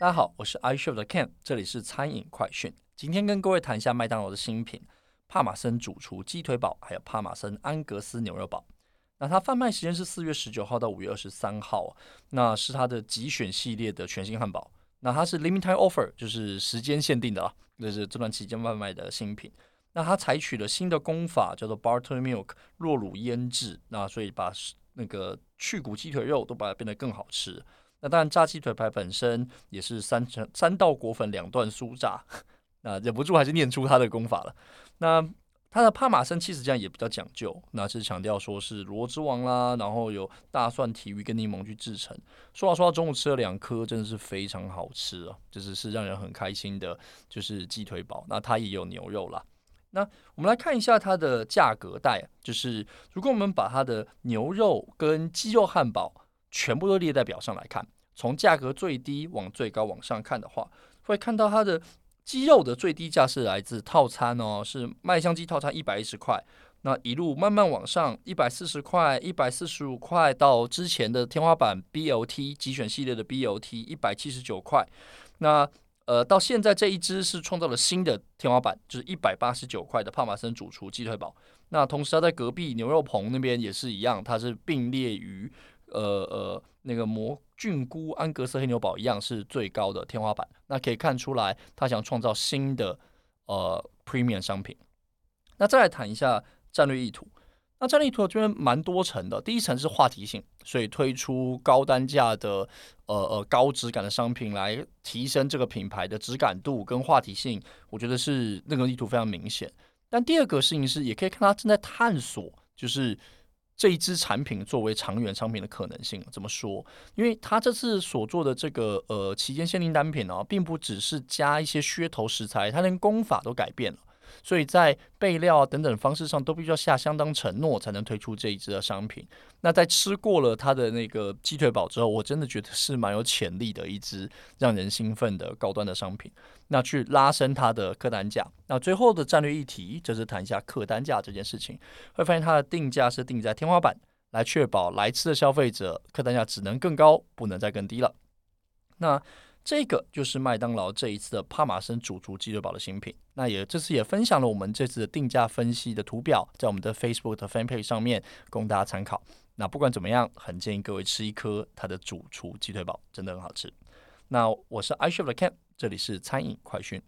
大家好，我是 iCHEF 的 Ken，這裡是餐飲快訊。今天跟各位談一下麥當勞的新品——帕瑪森主廚雞腿堡，還有帕瑪森安格斯牛肉堡。那它販賣時間是四月十九號到五月二十三號，那是它的極選系列的全新漢堡。那它是 limited time offer，就是時間限定的啊，那、就是這段期間外賣的新品。那它採取了新的工法，叫做 buttermilk 酪乳醃製，那所以把那個去骨雞腿肉都把它變得更好吃。那當然，炸雞腿排本身也是三層三道裹粉，兩段酥炸。 那忍不住還是念出它的功法了。那它的帕瑪森起司醬也比較講究，那是強調說是羅之王啦，然後有大蒜、鯷魚跟檸檬去制成。說到、啊、說到、啊、中午吃了兩顆，真的是非常好吃哦、啊，就是是讓人很開心的，就是雞腿堡。那它也有牛肉啦。那我們來看一下它的價格帶，就是如果我們把它的牛肉跟雞肉漢堡。全部都列在表上來看，從價格最低往最高往上看的話，會看到它的雞肉的最低價是來自套餐哦，是麥香雞套餐一百一十塊，那一路慢慢往上，一百四十塊、一百四十五塊，到之前的天花板 B L T 集選系列的 B L T 一百七十九塊，那呃到現在這一支是創造了新的天花板，就是一百八十九塊的帕馬森主廚雞腿堡。那同時它在隔壁牛肉棚那邊也是一樣，它是並列於。呃呃，那個魔菌菇、安格斯黑牛堡一樣是最高的天花板。那可以看出來，他想創造新的呃 premium 商品。那再來談一下戰略意圖。那戰略意圖這邊蠻多層的。第一層是話題性，所以推出高單價的呃呃高質感的商品，來提升這個品牌的質感度跟話題性。我覺得是那個意圖非常明顯。但第二個事情是，也可以看他正在探索，就是。這一支產品作為長遠商品的可能性，怎麼說？因為他這次所做的這個呃期間限定單品呢、哦，並不只是加一些噱頭食材，他連工法都改變了。所以在備料啊等等方式上都必須要下相當承諾，才能推出這一支的商品。那在吃過了它的那個雞腿堡之後，我真的覺得是蠻有潛力的一支讓人興奮的高端的商品。那去拉升它的客單價。那最後的戰略議題，就是談一下客單價這件事情。會發現它的定價是定在天花板，來確保來吃的消費者客單價只能更高，不能再更低了。那。這個就是麥當勞這一次的帕馬森主廚雞腿堡的新品，那也這次也分享了我們這次的定價分析的圖表，在我們的 Facebook 的 Fan Page 上面供大家參考。那不管怎麼樣，很建議各位吃一顆它的主廚雞腿堡，真的很好吃。那我是 iCHEF 的 Ken，這裡是餐飲快訊。